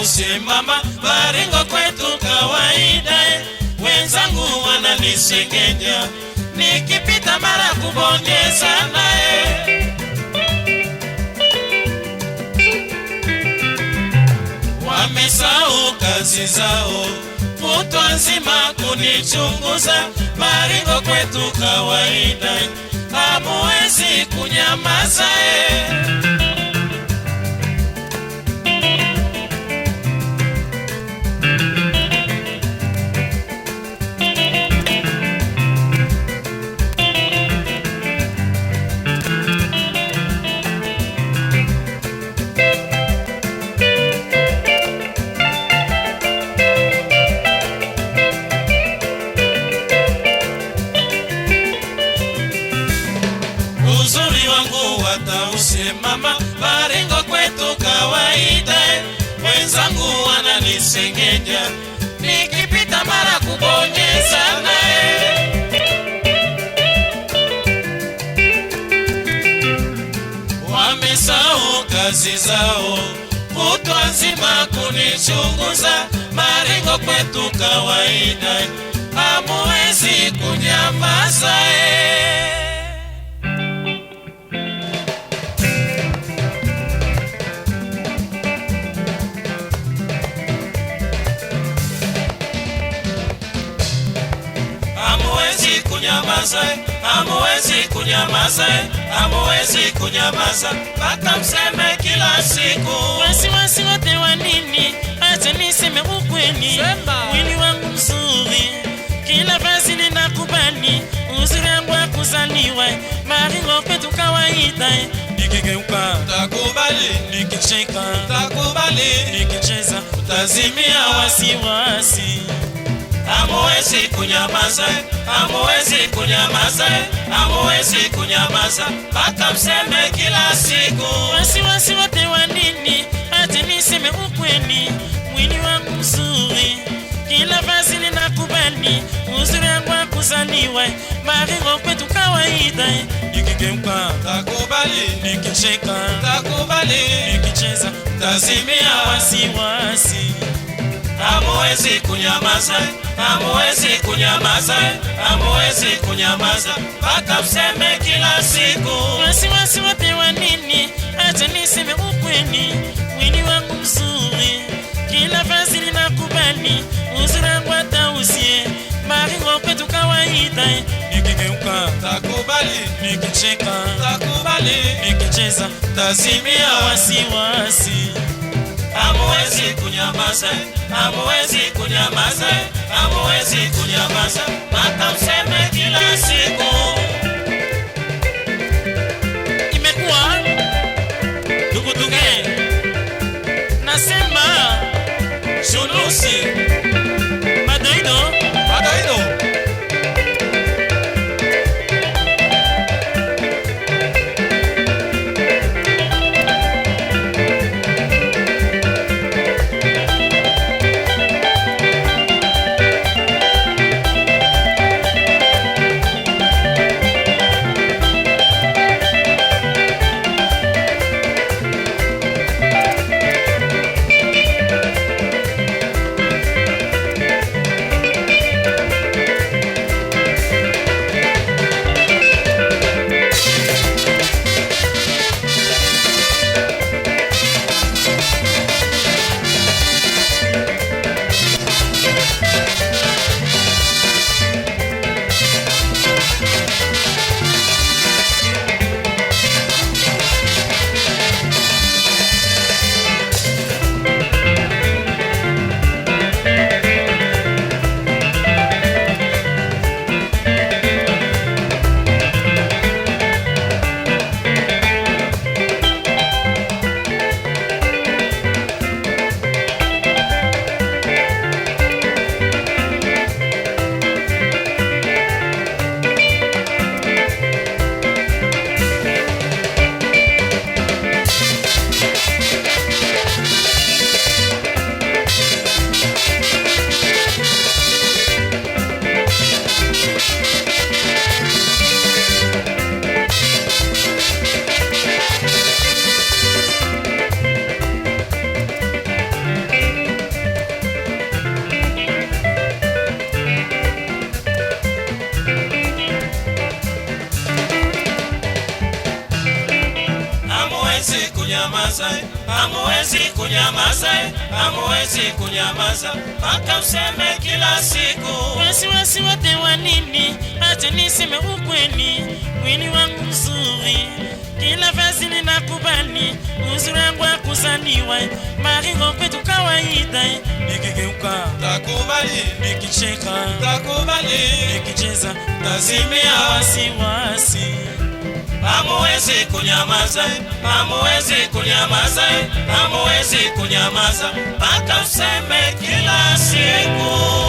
usimama Baringo kwetu kawaida, wenzangu wanalisengenya nikipita mara kubonyeza naye Wamesau kazi zao kutwa anzima kunichunguza. Baringo kwetu kawaida, hamuwezi kunyamaza wamesahau kazi zao, kutwa nzima kunichunguza, maringo kwetu kawaida, hamuwezi kunyamaza eh. hamuwezi kunyamaza, hamuwezi kunyamaza, hamuwezi kunyamaza mpaka mseme kila siku wasiwasi wote wa nini? Acha niseme ukweli, mwili wangu mzuri, kila vazi linakubali uzuri wangu wa kuzaliwa, maringo petu kawaida nikigeuka utakubali, nikicheka utakubali, nikicheza utazimia wasiwasi wasi hamuwezi kunyamaza, hamuwezi kunyamaza, hamuwezi kunyamaza mpaka mseme kila siku. Wasiwasi wote wa nini? Acha niseme ukweli, mwili wangu mzuri, kila vazi linakubali uzuri wangu wa kuzaliwa, maringo kwetu kawaida. Nikigeuka takubali, nikicheka takubali, nikicheza tazimia, wasiwasi wasi hamuwezi kunyamaza, hamuwezi kunyamaza, hamuwezi kunyamaza mpaka mseme kila siku. Wasiwasi wa nini? Acha niseme ukweli, mwili wangu mzuri, kila vazi linakubali, uzuri wangu hata usie mari wa kwetu kawaida. Nikigeuka takubali, nikicheka takubali, nikicheza tazimia wasiwasi, hamuwezi kunyamaza hamuwezi kunyamaza, hamuwezi kunyamaza, hata useme kila siku. Imekuwa duguduge, nasema sulusi kunyamaza, hamuwezi kunyamaza, hamuwezi kunyamaza mpaka useme kila siku wasiwasi wote wa nini? Acha niseme ukweli, mwili wangu mzuri, kila vazi ninakubali, uzuri wangu wa kuzaliwa, maringo kwetu kawaida, nikigeuka takubali, nikicheka takubali, nikicheza tazimia wasiwasi hamuwezi kunyamaza, hamuwezi kunyamaza, hamuwezi kunyamaza mpaka useme kila siku